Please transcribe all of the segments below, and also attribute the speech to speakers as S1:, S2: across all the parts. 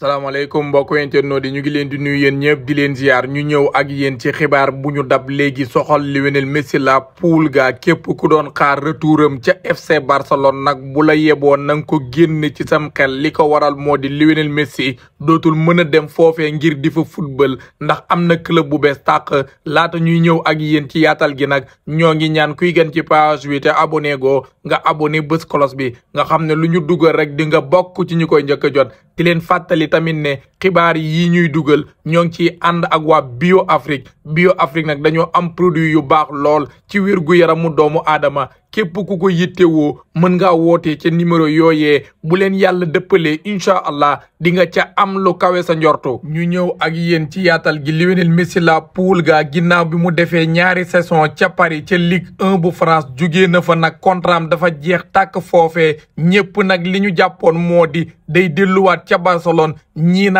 S1: salaamaaleykum mbokk internet di ñu ngi leen di nuyu yéen ñëpp di leen ziar ñu ñëw ak yéen ci xibaar bu ñu dab léegi soxal Lionel Messi la poule ga képp ku doon xaar retouram ca FC Barcelone nag bu la yeboon na ko génn ci sam xel li ko waral moo di Lionel Messi dootul mën a dem foofee ngir di fa football ndax am na club bu bees tàq laata ñuy ñëw ak yéen ci yaatal gi nag ñoo ngi ñaan kuy gën ci page bi te abonné go nga abone bés cloche bi nga xam ne lu ñu dugal rek di nga bokk ci ñu koy njëkk a jot di leen fàttali tamit ne xibaar yi ñuy dugal ñoo ngi ciy ànd ak waa bio Afrique bio Afrique nag dañoo am produit yu baax lool ci wirgu yaramu doomu aadama képp ku ko yittewoo mën nga woote ci numéro yooyee bu leen yàlla dëppalee incha allah di nga ca am lu kawe sa njorto. ñu ñëw ak yéen ci yaatal gi Lionel Messi la poule ga ginnaaw bi mu defee ñaari saison ca Paris ca Ligue 1 bu France jugee fa nag contraam dafa jeex takk foofee ñëpp nag li ñu jàppoon moo di day delluwaat ca Barcelone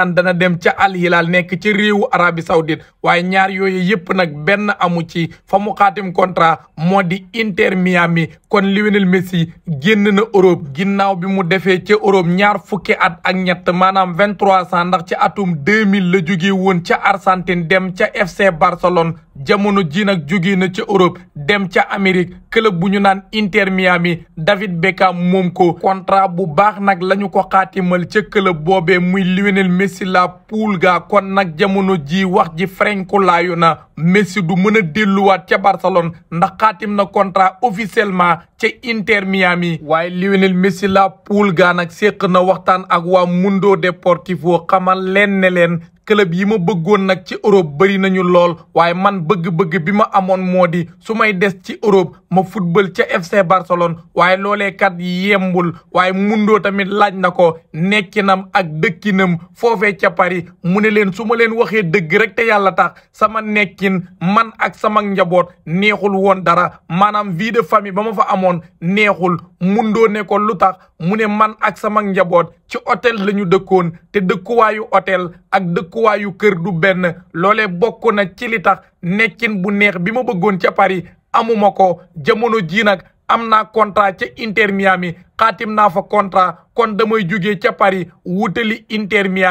S1: naan dana dem ca Al nekk ci réewu Arabie Saoudite waaye ñaar yooyu yëpp nag benn amu ci fa mu xaatim contrat moo di Inter Miami kon Lionel Messi génn na Europe ginnaaw bi mu defee ca Europe ñaar fukki at ak ñett maanaam vingt-trois ans ndax ci atum deux mille la jóge woon ca arsantine dem ca FC Barcelone jamono ji nag jóge na ca Europe dem ca Amérique club bu ñu naan Inter Miami David Beckham moom ko contrat bu baax nag la ñu ko xaatimal ca club boobe muy Lionel Messi la poule ga kon nag jamono ji wax ji frenkulaayu na Messi du mën a delluwaat ca Barcelone ndax xaatim na contrat officiellement ca Inter Miami. waaye Lionel Messi la poule ga nag séq na waxtaan ak waa Mundo Deportivo xamal leen ne leen club yi ma bëggoon nag ci Europe bëri nañu lool waaye man bëgg-bëgg bi ma amoon moo di su may des ci Europe ma football ca FC Barcelone waaye loolee kat yembul waaye Mundo tamit laaj na ko nekkinam ak dëkkinam foofe ca Paris. tey mu ne leen su ma leen waxee dëgg rek te yàlla tax sama nekkin man ak sama njaboot neexul woon dara maanaam vie de famille ba ma fa amoon neexul mundoo ne ko lu tax mu ne man ak sama njaboot ci hôtel la ñu dëkkoon te dëkkuwaayu hôtel ak dëkkuwaayu kër du benn loole bokk na ci li tax nekkin bu neex bi ma bëggoon ca Paris amuma ko jamono ji nag am naa contrat ca Inter Miami xaatim naa fa contrat kon damay jugee ca Paris wutali Inter mi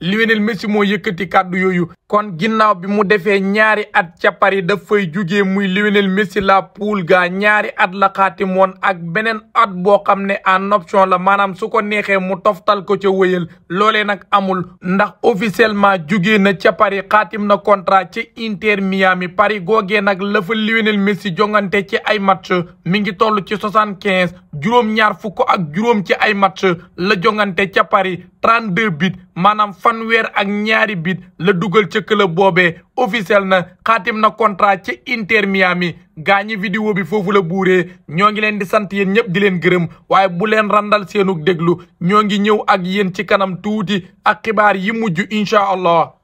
S1: Lionel Messi moo yëkkati kàddu yooyu kon ginnaaw bi mu defee ñaari at ca pari Paris fay jugee muy Lionel Messi la poule ga ñaari at la xaatim woon ak beneen at boo xam ne en option la maanaam su ko neexee mu toftal ko ca wéyal loole nag amul ndax officiellement jugee na ca pari xaatim na contrat ci Inter Miami Paris googe nag la fa Lionel Messi jongante ci ay match mi ngi toll ci soixante quinze juróom ñaar fukk ko ak juróom ci ay match la jongante ca Paris 32 bit maanaam fanweer ak ñaari bit la dugal ca club boobee officiel na xaatim na contrat ci Inter Miami gaa ñi vidéo bi foofu la buuree ñoo ngi leen di sant yéen ñëpp di leen gërëm waaye bu leen randal seenug déglu ñoo ngi ñëw ak yéen ci kanam tuuti ak xibaar yi mujj incha allah